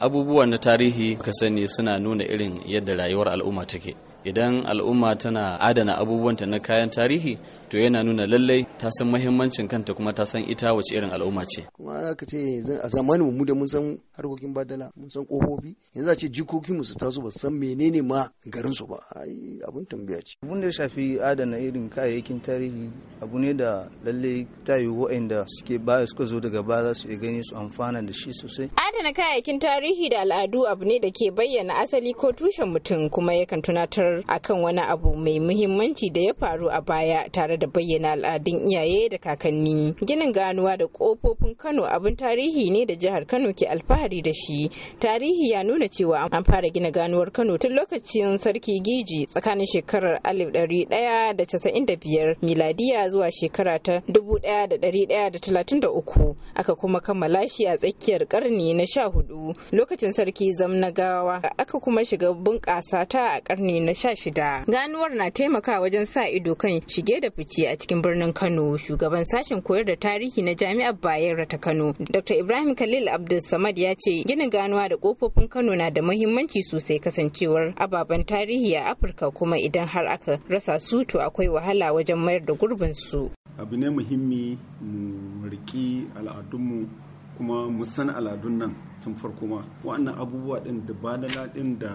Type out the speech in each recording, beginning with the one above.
Abubuwan na tarihi ka sani suna nuna irin yadda rayuwar al'umma take idan al'umma tana adana abubuwanta na kayan tarihi to yana nuna lallai ta san mahimmancin kanta kuma ta san ita wace irin al'umma ce kuma za ka ce a zamanin mu da mun san harkokin badala mun san kofofi yanzu a ce jikokin mu su taso ba san menene ma garin su ba ai abun tambaya ce abun da ya shafi adana irin kayayyakin tarihi abu ne da lalle ta yi wa'inda suke baya suka zo daga baya za su iya gani su amfana da shi sosai. Adana kayayyakin tarihi da al'adu abu ne da ke bayyana asali ko tushen mutum kuma yakan tunatar akan wani abu mai muhimmanci da ya faru a baya tare da bayyana al'adun iyaye da kakanni. Ginin ganuwa da kofofin Kano abin tarihi ne da jihar Kano ke alfahari da shi. Tarihi ya nuna cewa an fara gina ganuwar Kano tun lokacin sarki Giji tsakanin shekarar alif ɗari ɗaya da da casa'in biyar miladiya zuwa shekara ta 1133 aka kuma kammala shi a tsakiyar karni na 14 lokacin sarki zamnagawa aka kuma shiga bunƙasa ta a karni na 16 ganuwar na taimaka wajen sa ido kan shige da fice a cikin birnin kano shugaban sashen koyar da tarihi na jami'ar bayero ta kano dr ibrahim khalil samad ya ce ginin ganuwa da kofofin kano na da muhimmanci sosai kasancewar ababen tarihi a afirka kuma idan har aka rasa su to akwai wahala wajen mayar da gurbin su. Abu ne muhimmi mu riƙi al'adunmu kuma mu san al'adun nan tun farko ma. Wa'annan abubuwa ɗin da badala ɗin da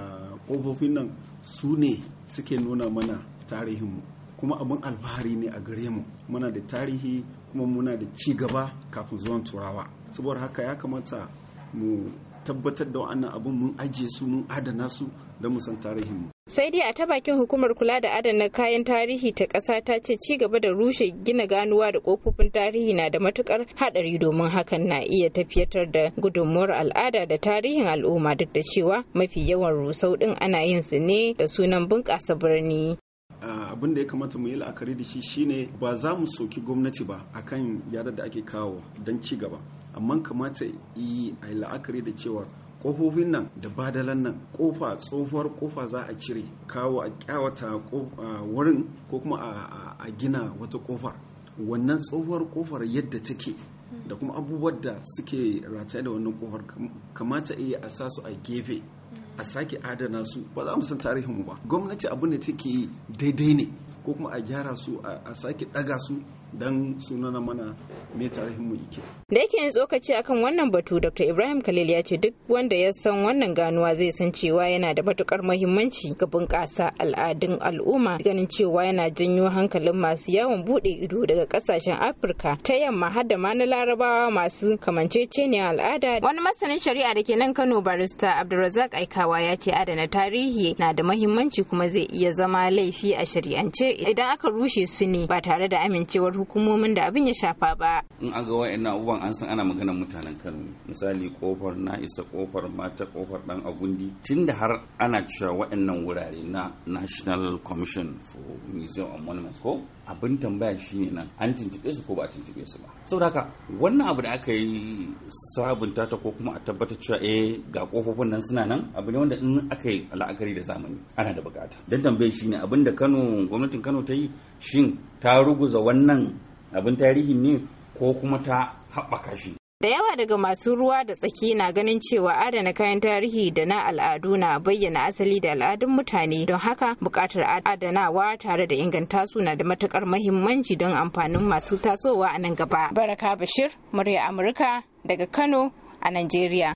ƙofofin nan su ne suke nuna mana tarihinmu. Kuma abin alfahari ne a gare mu. Muna da tarihi kuma muna da ci gaba kafin zuwan turawa. Saboda haka ya kamata mu tabbatar da wa'annan abin mun ajiye su mun adana su don mu san tarihinmu. sai dai a ta bakin hukumar kula da adana kayan tarihi ta ƙasa ta ce ci gaba da rushe gina ganuwa da kofofin tarihi na da matukar haɗari domin hakan na iya tafiyatar da gudunmuwar al'ada da tarihin al'umma duk da cewa mafi yawan rusau ɗin ana yin su ne da sunan bunƙasa birni abin da ya kamata mu yi la'akari da shi shine ba za mu soki gwamnati ba akan yadda da ake kawo don ci gaba amma kamata yi a la'akari da cewa kofofin nan da badalan nan kofa tsohuwar kofa za a cire kawo a kyawata wurin ko kuma a gina wata kofar wannan tsohuwar kofar yadda take da kuma abubuwan da suke rataye da wannan kofar kamata a eh yi a sa su a gefe a sake adana su ba za mu san tarihinmu ba gwamnati abin da take yi daidai ne ko kuma a gyara su a sake daga su dan sunana mana me tarihin mu yake da yake yin tsokaci akan wannan batu dr ibrahim khalil ya ce duk wanda ya san wannan ganuwa zai san cewa yana da matukar muhimmanci ga bunƙasa al'adun al'umma ganin cewa yana janyo hankalin masu yawon bude ido daga kasashen afirka ta yamma har da ma na larabawa masu kamanceceniya al'ada wani masanin shari'a da ke nan kano barista abdulrazak aikawa ya ce adana tarihi na da muhimmanci kuma zai iya zama laifi a shari'ance idan aka rushe su ne ba tare da amincewar hukumomin da abin ya shafa ba in an ga wa'annan abubuwan an san ana magana mutanen Kano misali kofar na isa kofar mata kofar dan agundi tunda har ana cewa wa'annan wurare na National Commission for Museum and Monuments ko abin tambaya shine nan an tuntube su ko ba a tuntube su ba saboda haka wannan abu da aka yi sabunta ta ko kuma a tabbatar cewa eh ga kofofin nan suna nan abu ne wanda in aka yi la'akari da zamani ana da bukata dan tambayar shine abin da Kano gwamnatin Kano ta yi shin ta ruguza wannan abin tarihin ne ko kuma ta haɓaka shi da yawa daga masu ruwa da tsaki na ganin cewa adana kayan tarihi da na al'adu na bayyana asali da al'adun mutane don haka bukatar adanawa tare da inganta suna da matukar mahimmanci don amfanin masu tasowa a nan gaba baraka bashir murya amurka daga kano a najeriya